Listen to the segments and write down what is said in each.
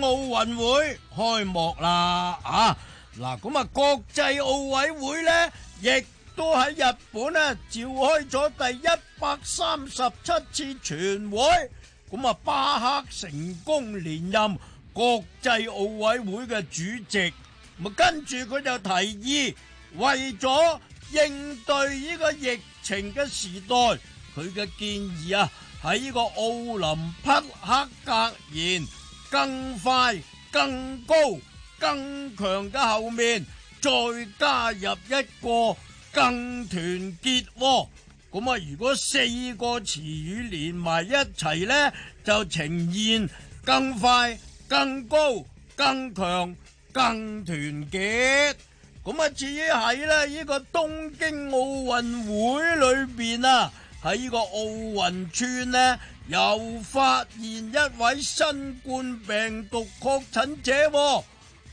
奧運會開幕啦啊！嗱，咁啊，國際奧委會呢，亦都喺日本呢召開咗第一百三十七次全會。咁啊，巴赫成功連任國際奧委會嘅主席。咁啊，跟住佢就提議，為咗應對呢個疫情嘅時代，佢嘅建議啊，喺呢個奧林匹克格言。更快、更高、更強嘅後面，再加入一個更團結，哦，咁啊！如果四個詞語連埋一齊呢，就呈現更快、更高、更強、更團結。咁啊，至於喺咧呢個東京奧運會裏邊啊，喺呢個奧運村呢。又發現一位新冠病毒確診者，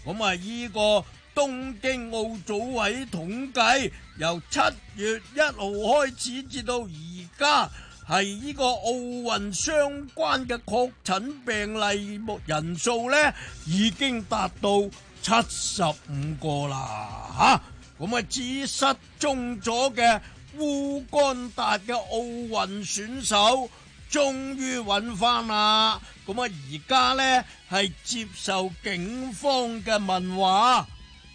咁啊！依個東京奧組委統計，由七月一號開始至到而家，係呢個奧運相關嘅確診病例目人數呢已經達到七十五個啦吓。咁啊，至於失蹤咗嘅烏干達嘅奧運選手。終於揾翻啦！咁啊，而家呢，係接受警方嘅問話。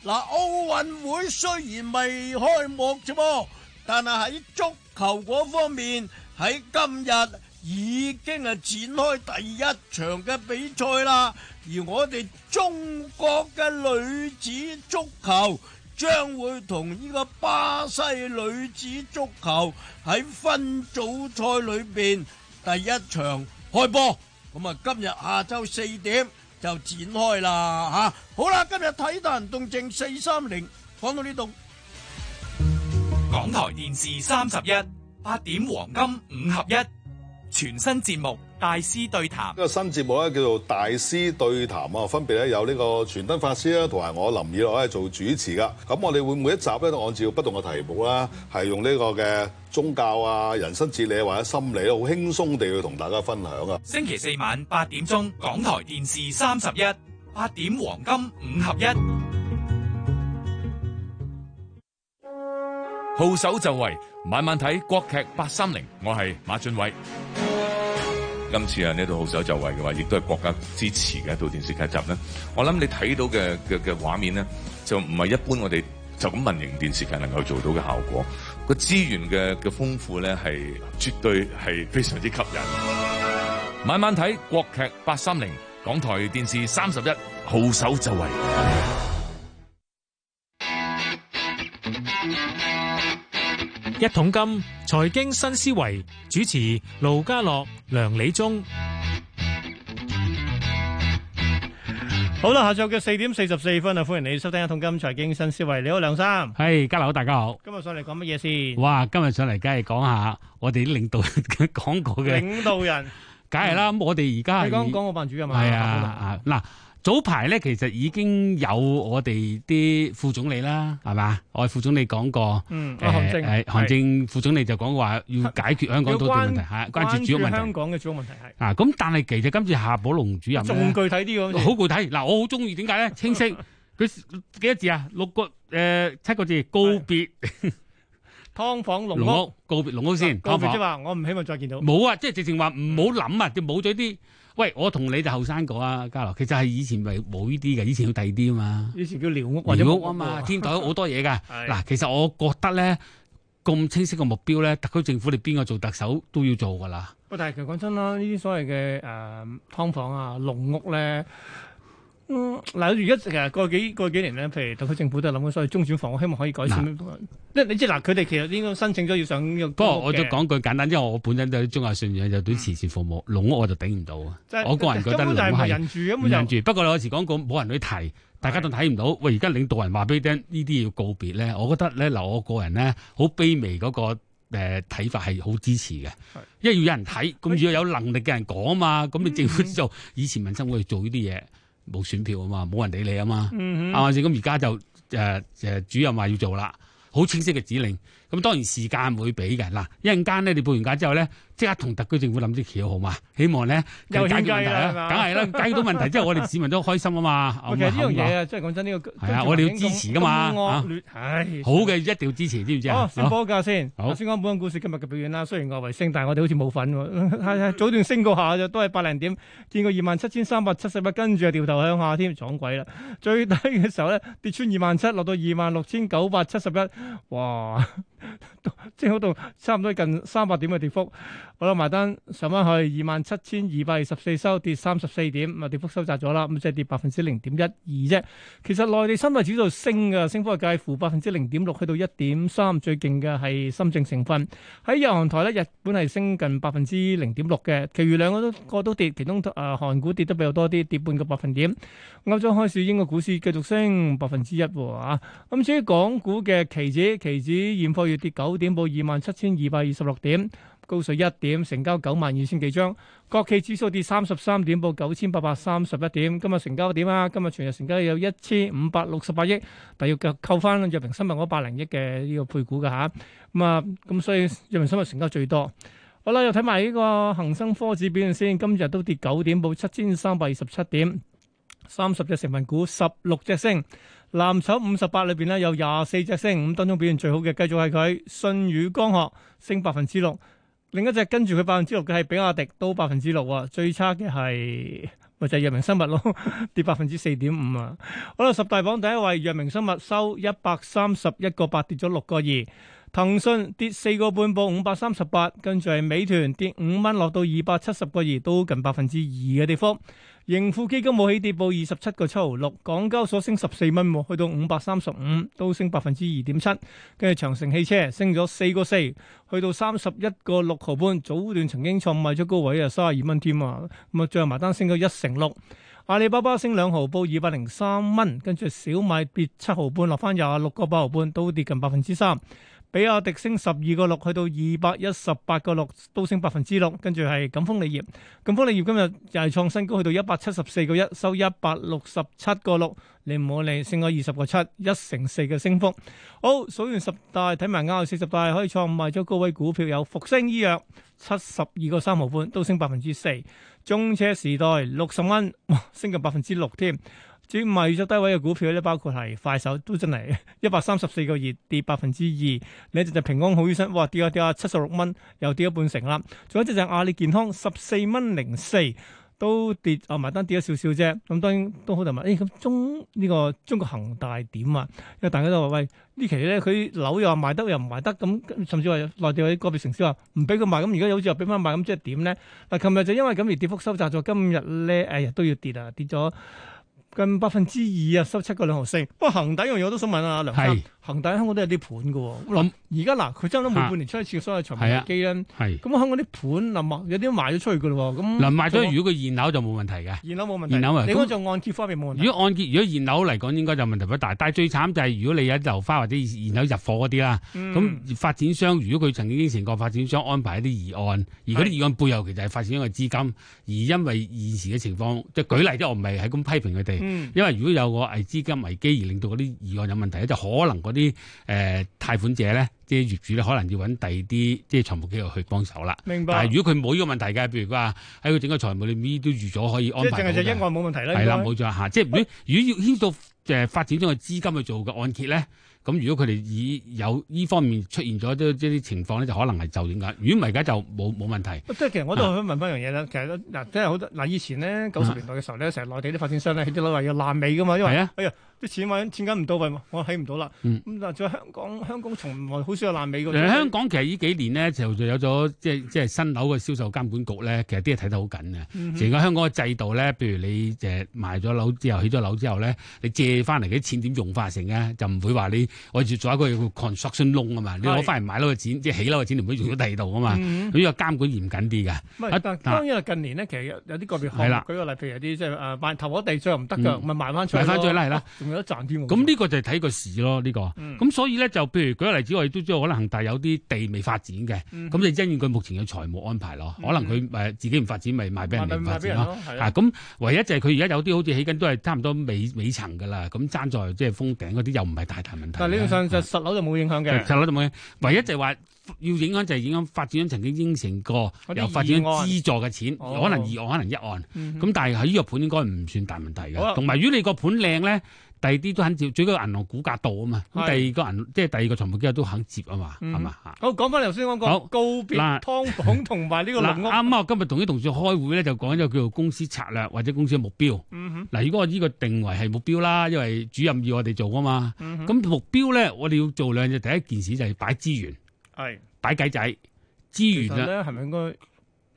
嗱，奧運會雖然未開幕啫噃，但係喺足球嗰方面，喺今日已經係展開第一場嘅比賽啦。而我哋中國嘅女子足球將會同呢個巴西女子足球喺分組賽裏邊。第一場，開播，咁啊，今日下晝四點就展開啦吓。好啦，今日睇大行動靜四三零，講到呢度。港台電視三十一八點黃金五合一全新節目。大師對談呢個新節目咧叫做大師對談啊，分別咧有呢個全登法師啦，同埋我林以樂係做主持噶。咁我哋會每一集咧都按照不同嘅題目啦，係用呢個嘅宗教啊、人生哲理或者心理，好輕鬆地去同大家分享啊。星期四晚八點鐘，港台電視三十一，八點黃金五合一，號手就位，慢慢睇國劇八三零，我係馬俊偉。今次啊呢套《號手就位》嘅話亦都係國家支持嘅一套電視劇集咧。我諗你睇到嘅嘅嘅畫面咧，就唔係一般我哋就咁民營電視劇能夠做到嘅效果。個資源嘅嘅豐富咧，係絕對係非常之吸引。慢慢睇國劇八三零，港台電視三十一，《號手就位》。 一桶金財經新思維，主持盧家樂、梁李忠。好啦，下晝嘅四點四十四分啊，歡迎你收聽一桶金財經新思維。你好，梁生，係家樂，大家好。今日上嚟講乜嘢先？哇，今日上嚟梗係講下我哋啲領導講過嘅領導人，梗係啦。咁我哋而家係講講個辦主任啊，係啊嗱。早排咧，其實已經有我哋啲副總理啦，係嘛？我係副總理講過，嗯，韓正，韓正副總理就講話要解決香港土地問題，係關注主要問題。香港嘅主要問題係啊，咁但係其實今次夏寶龍主任咧，仲具體啲，好具體。嗱，我好中意點解咧？清晰，佢幾多字啊？六個誒，七個字，告別劏房籠屋，告別籠屋先，劏房即係話我唔希望再見到。冇啊，即係直情話唔好諗啊，就冇咗啲。喂，我同你哋後生講啊，家樂，其實係以前咪冇呢啲嘅，以前要第二啲啊嘛。以前叫寮屋或者屋啊嘛，天台好多嘢㗎。嗱 是，其實我覺得咧，咁清晰嘅目標咧，特區政府你邊個做特首都要做㗎啦。不過，但係其實講真啦，呢啲所謂嘅誒、呃、劏房啊、籠屋咧。嗯，嗱，而家其實過幾過幾年咧，譬如特區政府都係諗緊，所謂中轉房，我希望可以改善。嗱，即係你知嗱，佢哋其實應該申請咗要上。不過我再講句簡單，因為我本身都係中亞信仰，就對慈善服務，籠屋我就頂唔到啊。我個人覺得根本係人住。不過你有時講句冇人去提，大家都睇唔到。喂，而家領導人話俾你聽，呢啲要告別咧，我覺得咧，嗱，我個人咧好卑微嗰個誒睇法係好支持嘅，因為要有人睇，咁如果有能力嘅人講嘛，咁你政府做以前民生會做呢啲嘢。冇選票啊嘛，冇人理你啊嘛，係咪先？咁而家就誒誒、呃呃、主任話要做啦，好清晰嘅指令。咁、啊、當然時間會俾嘅。嗱、啊，一陣間咧，你報完假之後咧。即刻同特區政府諗啲橋好嘛？希望咧佢解決問題，梗係啦，解決到問題之後，我哋市民都開心啊嘛。其實呢樣嘢啊，真係講真，呢個係啊，我哋要支持噶嘛。好嘅，一定要支持，知唔知啊？先講下先，先講本港股市今日嘅表現啦。雖然外圍升，但係我哋好似冇份喎。早段升過下就都係百零點，見過二萬七千三百七十一，跟住又掉頭向下添，撞鬼啦！最低嘅時候咧，跌穿二萬七，落到二萬六千九百七十一，哇！即係 好度差唔多近三百點嘅跌幅。好啦，埋單上翻去二萬七千二百二十四收，跌三十四點，啊跌幅收窄咗啦，咁即係跌百分之零點一二啫。其實內地三大指數升嘅，升幅係介乎百分之零點六去到一點三，最勁嘅係深證成分。喺日韓台咧，日本係升近百分之零點六嘅，其餘兩個都個都跌，其中誒韓、呃、股跌得比較多啲，跌半個百分點。歐洲開市應該股市繼續升百分之一喎，咁、啊、至於港股嘅期指，期指現貨。跌九點報二萬七千二百二十六點，高水一點，成交九萬二千幾張。國企指數跌三十三點報九千八百三十一點，今日成交點啊，今日全日成交有一千五百六十八億，但要扣扣翻藥明生物嗰百零億嘅呢個配股㗎吓，咁啊，咁、嗯、所以藥明生物成交最多。好啦，又睇埋呢個恒生科指表現先，今日都跌九點報七千三百二十七點，三十隻成分股十六隻升。藍籌五十八裏邊咧有廿四隻升，五當中表現最好嘅繼續係佢舜宇光學升百分之六，另一隻跟住佢百分之六嘅係比亞迪都百分之六啊，最差嘅係咪就係、是、藥明生物咯，跌百分之四點五啊。好啦，十大榜第一位藥明生物收一百三十一個八，跌咗六個二。騰訊跌四個半，報五百三十八，跟住係美團跌五蚊，落到二百七十個二，都近百分之二嘅地方。盈富基金冇起跌，報二十七個七毫六。港交所升十四蚊，去到五百三十五，都升百分之二點七。跟住長城汽車升咗四個四，去到三十一個六毫半。早段曾經創賣咗高位啊，三十二蚊添啊。咁啊，最後埋單升咗一成六。阿里巴巴升兩毫，報二百零三蚊。跟住小米跌七毫半，落翻廿六個八毫半，都跌近百分之三。比亞迪升十二個六，去到二百一十八個六，都升百分之六。跟住係錦豐利業，錦豐利業今日又係創新高，去到一百七十四個一，收一百六十七個六，你唔好理，升咗二十個七，一成四嘅升幅。好，數完十大，睇埋啱啱四十大，可以創埋咗高位股票有復星醫藥七十二個三毫半，5, 都升百分之四。中車時代六十蚊，升近百分之六添。至於賣咗低位嘅股票咧，包括係快手都真係一百三十四個月跌百分之二。另一隻就平安好醫生，哇跌啊跌，跌啊，七十六蚊又跌咗半成啦。仲有一隻就係阿里健康十四蚊零四都跌，啊埋單跌咗少少啫。咁當然都好多人問，哎，誒咁中呢個中國恒大點啊？因為大家都話喂期呢期咧，佢樓又話賣得又唔賣得咁，甚至話內地嗰啲個別城市話唔俾佢賣咁，如果好似又俾翻賣咁，即係點咧？嗱，琴日就因為咁而跌幅收窄咗，今日咧誒都要跌啊，跌咗。近百分之二啊，收七個兩毫升。不過恆大呢樣嘢我都想問下，梁生。恒大香港都有啲盤嘅。咁而家嗱，佢真係每半年出一次所有長期嘅基金。咁香港啲盤，有啲賣咗出去嘅咯。咁，嗱賣咗出去，如果佢現樓就冇問題嘅。現樓冇問題。你講就按揭方面冇問題。如果按揭，如果現樓嚟講應該就問題不大。但係最慘就係如果你有啲樓花或者現樓入貨嗰啲啦。咁發展商如果佢曾經應承過發展商安排一啲議案，而嗰啲議案背後其實係發展商嘅資金。而因為現時嘅情況，即係舉例啫，我唔係喺咁批評佢哋。因為如果有個危資金危機而令到嗰啲議案有問題就可能啲。啲誒、呃、貸款者咧，即係業主咧，可能要揾第二啲即係財務機構去幫手啦。明白。但係如果佢冇呢個問題嘅，譬如話喺佢整個財務裏面都預咗可以安排，即應該、啊。即係就一案冇問題啦。係啦、啊，冇錯嚇。即係如果要牽涉誒、呃、發展中嘅資金去做個按揭咧。咁如果佢哋以有呢方面出現咗啲一啲情況咧，就可能係就點解？如果唔係，而家就冇冇問題。即係其實我都想問翻一樣嘢咧，啊、其實嗱即係好多嗱，以前咧九十年代嘅時候咧，成日內地啲發展商咧起啲樓話要爛尾噶嘛，因為、啊、哎呀啲錢揾錢緊唔到位，我起唔到啦。咁嗱、嗯，再香港香港從來好少有爛尾嘅。香港其實呢幾年咧就就有咗即係即係新樓嘅銷售監管局咧，其實啲嘢睇得好緊嘅。成個、嗯、哼香港嘅制度咧，譬如你誒賣咗樓之後起咗樓之後咧，你借翻嚟嘅錢點用化成嘅，就唔會話你。我住咗一個 construction loan 啊嘛，你攞翻嚟買樓個錢，即係起樓個錢，唔會用到第二度啊嘛。呢個監管嚴謹啲嘅。啊，當然近年呢其實有啲個別係啦。舉個例譬如有啲即係誒賣投地再又唔得嘅，咪賣翻出去咯。賣翻出去啦，係啦，仲有得賺添。咁呢個就睇個市咯，呢個。咁所以咧就譬如舉個例子，我哋都知道可能恒大有啲地未發展嘅，咁你因應佢目前嘅財務安排咯，可能佢誒自己唔發展咪賣俾人。賣俾賣俾人咯，咁唯一就係佢而家有啲好似起緊都係差唔多尾尾層㗎啦，咁爭在即係封頂嗰啲又唔係大大問題。呢個上就實樓就冇影響嘅，實樓就冇影響。唯一就係話要影響就係影響發展商曾經應承過由發展商資助嘅錢，可能二案可能一案。咁、嗯、哼但係喺呢個盤應該唔算大問題嘅。同埋、嗯、哼如果你個盤靚咧。第二啲都肯接，最緊要銀行股價到啊嘛。咁第二個銀，即係第二個傳播機構都肯接啊嘛，係嘛吓。嗎好，講翻頭先我講，告別湯廣同埋呢個林屋。啱啱我今日同啲同事開會咧，就講咗叫做公司策略或者公司嘅目標。嗱、嗯哼，如果我呢個定位係目標啦，因為主任要我哋做啊嘛。咁、嗯、哼目標咧，我哋要做兩樣嘢。第一件事就係擺資源，係擺計仔資源啦。其實咧，係咪應該？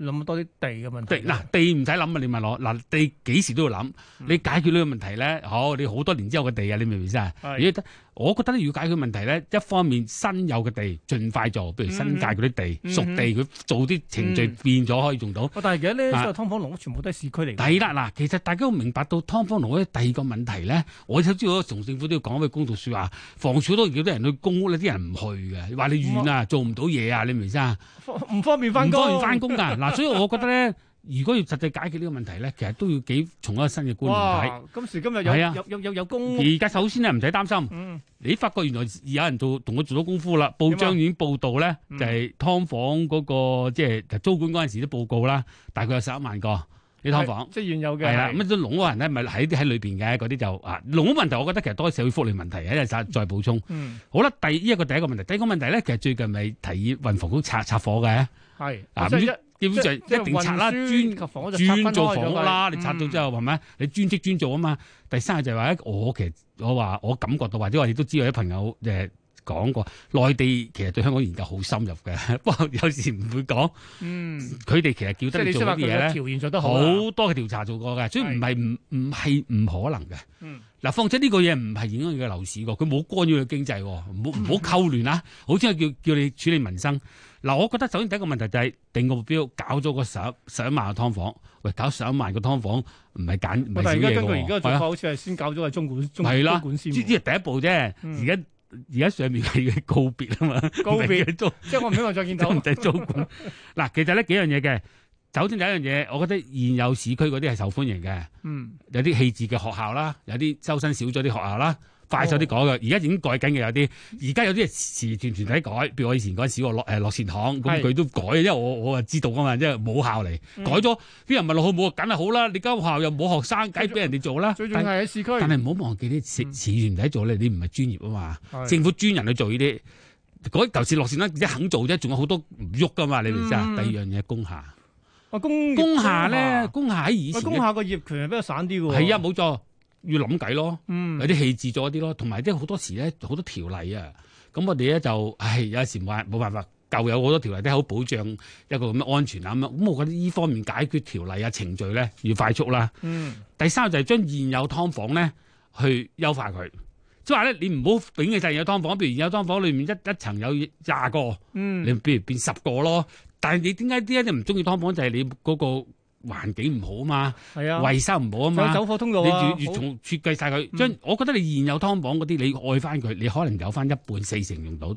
諗多啲地嘅問題。嗱地唔使諗啊，你問我嗱地幾時都要諗。嗯、你解決呢個問題咧，好你好多年之後嘅地啊，你明唔明意思啊？的如果得。我覺得咧，要解決問題咧，一方面新有嘅地盡快做，譬如新界嗰啲地，嗯、熟地，佢做啲程序，嗯、變咗可以用到。但係而家咧，劏房籠屋全部都喺市區嚟。抵得嗱，其實大家都明白到劏房籠屋第二個問題咧，我頭先我同政府都要講一句公道說話，房署都叫啲人去公屋啦，啲人唔去嘅，話你遠啊，不做唔到嘢啊，你明唔明先？唔方便翻工。唔方便翻工噶，嗱，所以我覺得咧。 如果要實際解決呢個問題咧，其實都要幾從一個新嘅觀念睇。今時今日有、啊、有有有有功夫。而家首先咧唔使擔心。嗯、你發覺原來有人做同佢做咗功夫啦，報章已經報道咧，麼就係劏房嗰、嗰個即係租管嗰陣時都報告啦，大概有十一萬個劏、嗯、房。即係原有嘅。係啦，咁啲籠屋人咧，咪喺喺裏邊嘅嗰啲就啊，籠屋、啊、問題，我覺得其實多係社會福利問題，一、啊、日再再補充。嗯、好啦，第依一個第一個問題，第一個問題咧，其實最近咪提議運房局拆拆夥嘅。係、啊。基本上一定拆啦，專專做房屋啦。你拆到之後，係咪？你專職專做啊嘛。第三就係話，我其實我話我感覺到，或者我亦都知道，有啲朋友誒講過，內地其實對香港研究好深入嘅，不過有時唔會講。嗯，佢哋其實叫得你做乜嘢，調研做得好多嘅調查做過嘅，所以唔係唔唔係唔可能嘅。嗱，況且呢個嘢唔係影響佢嘅樓市喎，佢冇干擾佢經濟喎，唔好唔好扣亂啊，好似係叫叫你處理民生。嗱，我覺得首先第一個問題就係定個目標，搞咗個十十一萬個劏房，喂，搞十一萬個劏房唔係簡唔但係而家根據而家做法，好似係先搞咗個中管、啊中，中管先、啊。呢呢係第一步啫，而家而家上面係要告別啊嘛，告別租， 即係我唔希望再見到唔使 租管。嗱， 其實呢幾樣嘢嘅，首先第一樣嘢，我覺得現有市區嗰啲係受歡迎嘅、嗯，有啲棄置嘅學校啦，有啲周身少咗啲學校啦。快咗啲改嘅，而家、哦、已經改緊嘅有啲，而家有啲慈善團體改，譬如我以前講小落誒樂善堂，咁佢是都改，因為我我啊知道㗎嘛，因為冇效嚟、嗯、改咗，啲人問落好唔好，梗係好啦，你間學校又冇學生，梗係俾人哋做啦。最重係喺市區。但係唔好忘記啲慈善團體做，你你唔係專業啊嘛，嗯、政府專人去做呢啲。嗰舊時樂善堂，只肯做啫，仲有好多唔喐㗎嘛，你明唔明？第二樣嘢，工廈。啊，工工廈咧，工廈喺以前。工廈個業權係比較散啲㗎喎。係啊，冇錯。要諗計咯，嗯、有啲棄置咗啲咯，同埋啲好多時咧好多條例啊，咁我哋咧就，唉有時冇冇辦法，舊有好多條例都係好保障一個咁嘅安全啊咁啊，咁我覺得呢方面解決條例啊程序咧要快速啦。嗯、第三就係、是、將現有劏房咧去優化佢，即係話咧你唔好永遠製現有劏房，譬如現有劏房裏面一一層有廿個，你譬如變十個咯，但係你點解啲人唔中意劏房就係你嗰、那個？環境唔好啊嘛，係啊，維修唔好啊嘛，有走火通道、啊，你要要從設計曬佢，將好我覺得你現有湯房嗰啲，你愛翻佢，你可能有翻一半四成用到，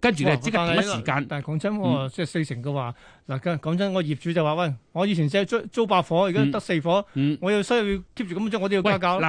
跟住你即刻短時間。但係講真喎，即係、嗯、四成嘅話，嗱，講真，我業主就話：喂，我以前即係租租，租八火，而家得四火，嗯嗯、我要需要 keep 住咁樣，我都要加交喂。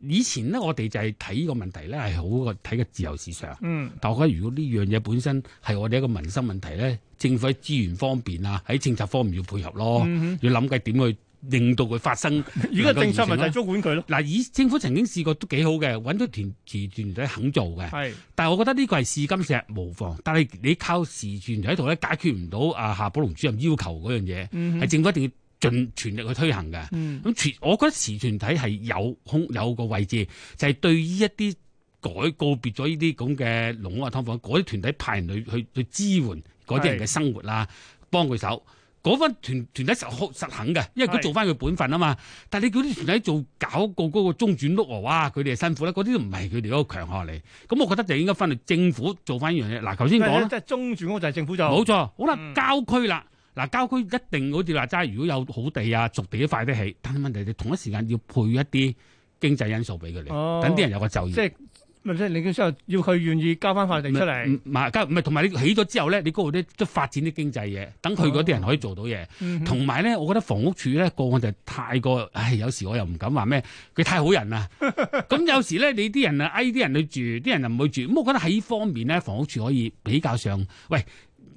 以前呢，我哋就係睇呢個問題咧，係好個睇個自由市場。嗯，但我覺得如果呢樣嘢本身係我哋一個民生問題咧，政府喺資源方面啊，喺政策方面要配合咯，嗯、哼要諗計點去令到佢發生。而家政策問題咪就係租、啊就是、管佢咯。嗱，以政府曾經試過都幾好嘅，揾到時段隊肯做嘅。係是，但係我覺得呢個係試金石，日無妨，但係你靠時段喺度咧解決唔到啊，夏寶龍主任要求嗰樣嘢，係政府一定要。嗯盡全力去推行嘅，咁、嗯、全，我覺得慈善團體係有空有個位置，就係、是、對於一啲改告別咗呢啲咁嘅籠屋啊、劏房嗰啲團體派人去去去支援嗰啲人嘅生活啦，是幫佢手，嗰班團團體實實行嘅，因為佢做翻佢本分啊嘛。但係你叫啲團體做搞個嗰個中轉屋，哇，佢哋係辛苦啦，嗰啲都唔係佢哋嗰個強項嚟。咁我覺得就應該翻去政府做翻依樣嘢。嗱，頭先講即係中轉屋就係政府做，冇、嗯、錯。好啦，郊區啦。嗱、啊，郊區一定好似話齋，如果有好地啊、熟地都快得起，但係問題你同一時間要配一啲經濟因素俾佢哋，等啲、哦、人有個就業。即係問聲，你咁之後要佢願意交翻塊地出嚟？唔、嗯，郊唔係同埋你起咗之後咧，你嗰度都都發展啲經濟嘢，等佢嗰啲人可以做到嘢。同埋咧，我覺得房屋署咧個案就太過，唉，有時我又唔敢話咩，佢太好人啦。咁 有時咧，你啲人啊，嗌啲人去住，啲人就唔去住。咁我覺得喺呢方面咧，房屋署可以比較上，喂。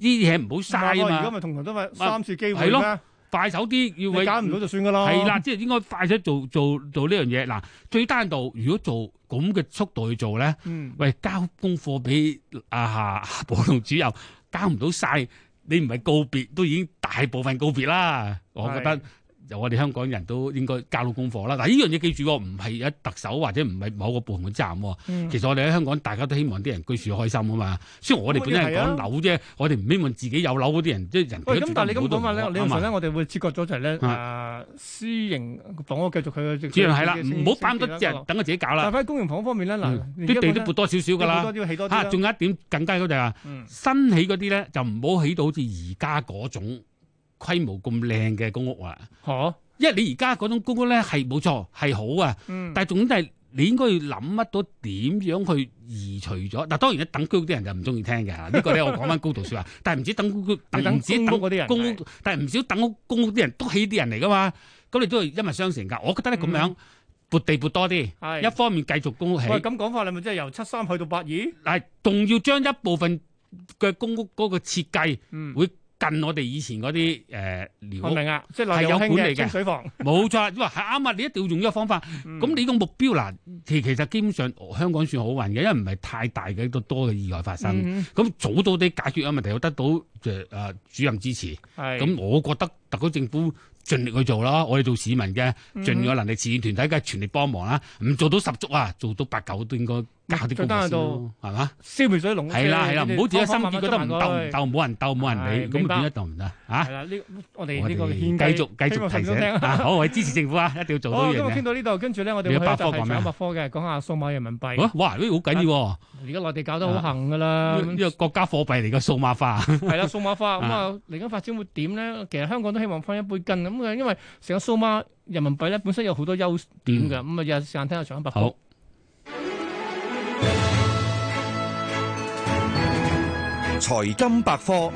呢啲嘢唔好嘥啊嘛，而家咪同埋都咪三次機會咩、啊？呢快手啲，要你揀唔到就算噶啦。係啦，即係應該快手做做做呢樣嘢。嗱，最單道如果做咁嘅速度去做咧，嗯、喂交功課俾阿阿寶龍主又，交唔到曬，你唔係告別，都已經大部分告別啦。我覺得。由我哋香港人都應該教到功課啦。嗱，呢樣嘢記住，唔係一特首或者唔係某個部門站。其實我哋喺香港，大家都希望啲人居住開心啊嘛。雖然我哋本身係講樓啫，我哋唔希望自己有樓嗰啲人即係人。咁但你咁講話咧，你相信咧，我哋會切割咗就係咧，私營房屋繼續佢嘅。主要係啦，唔好擺多啲，等佢自己搞啦。但係公營房方面咧，嗱，啲地都撥多少少㗎啦。仲有一點更加多就係，新起嗰啲咧就唔好起到好似而家嗰種。規模咁靚嘅公屋啊！嚇哈，因為你而家嗰種公屋咧係冇錯係好啊，嗯、但係重點都係你應該要諗乜到點樣去移除咗。嗱，當然咧，等居屋啲人就唔中意聽嘅，這個、呢個咧我講翻高度説話。 但係唔止，止等公屋，唔止等嗰啲人，公屋，但係唔少等屋公屋啲人都起啲人嚟㗎嘛。咁你都係一物雙成㗎。我覺得咧咁樣撥、嗯、地撥多啲，是一方面繼續公屋起。喂，咁講法你咪即係由七三去到八二，係仲要將一部分嘅公屋嗰個設計、嗯嗯近我哋以前嗰啲誒，我明啊，即係有管理嘅水房，冇、嗯、錯，哇，係啱啊！你一定要用呢個方法。咁、嗯、你呢個目標嗱，其其實基本上香港算好運嘅，因為唔係太大嘅多多嘅意外發生。咁早、嗯、到底解決咗問題，有得到誒主任支持。咁是，我覺得特區政府盡力去做啦。我哋做市民嘅盡咗能力，慈善團體梗係全力幫忙啦。唔做到十足啊，做到八九都應該。加啲學生都，係嘛？消滅水龍，係啦係啦，唔好自己心結覺得鬥唔鬥冇人鬥冇人理，咁咪點得鬥唔得啊？係啦，呢我哋呢個繼續繼續提醒嚇，我係支持政府啊，一定要做到嘢。我今日傾到呢度，跟住咧我哋去就提咗百科嘅，講下數碼人民幣。哇，呢好緊要喎！而家內地搞得好行噶啦，呢個國家貨幣嚟嘅數碼化。係啦，數碼化咁啊嚟緊發展會點咧？其實香港都希望分一杯羹咁嘅，因為成個數碼人民幣咧本身有好多優點嘅。咁啊，有時間聽下長亨百科。財金百科，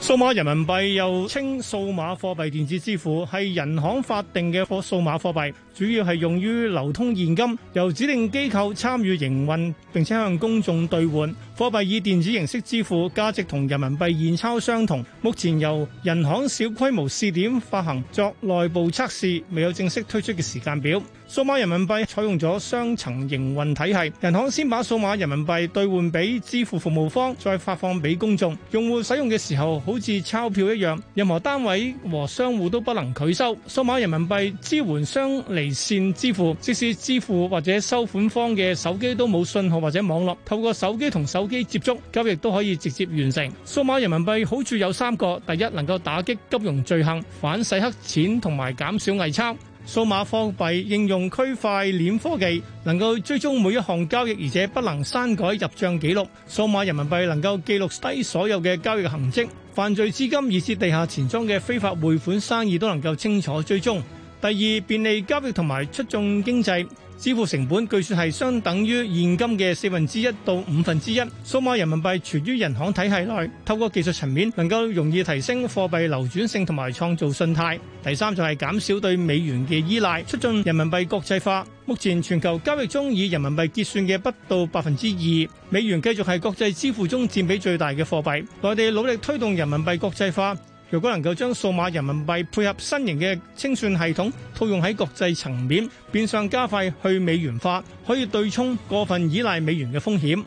數碼人民幣又稱數碼貨幣、電子支付，係人行法定嘅數碼貨幣，主要係用於流通現金，由指定機構參與營運，並且向公眾兌換。貨幣以電子形式支付，價值同人民幣現鈔相同。目前由人行小規模試點發行作內部測試，未有正式推出嘅時間表。數碼人民幣採用咗雙層營運體系，銀行先把數碼人民幣兌換俾支付服務方，再發放俾公眾。用戶使用嘅時候好似鈔票一樣，任何單位和商戶都不能拒收。數碼人民幣支援雙離線支付，即使支付或者收款方嘅手機都冇信號或者網絡，透過手機同手機接觸交易都可以直接完成。數碼人民幣好處有三個：第一，能夠打擊金融罪行，反洗黑錢同埋減少偽鈔。數碼貨幣應用區塊鏈科技，能夠追蹤每一項交易，而且不能刪改入賬記錄。數碼人民幣能夠記錄低所有嘅交易行跡，犯罪資金以至地下錢莊嘅非法匯款生意都能夠清楚追蹤。第二，便利交易同埋促進經濟。支付成本據說係相等於現金嘅四分之一到五分之一。數碼人民幣存於銀行體系內，透過技術層面能夠容易提升貨幣流轉性同埋創造信貸。第三就係減少對美元嘅依賴，促進人民幣國際化。目前全球交易中以人民幣結算嘅不到百分之二，美元繼續係國際支付中佔比最大嘅貨幣。內地努力推動人民幣國際化。如果能夠將數碼人民幣配合新型嘅清算系統套用喺國際層面，變相加快去美元化，可以對沖過分依賴美元嘅風險。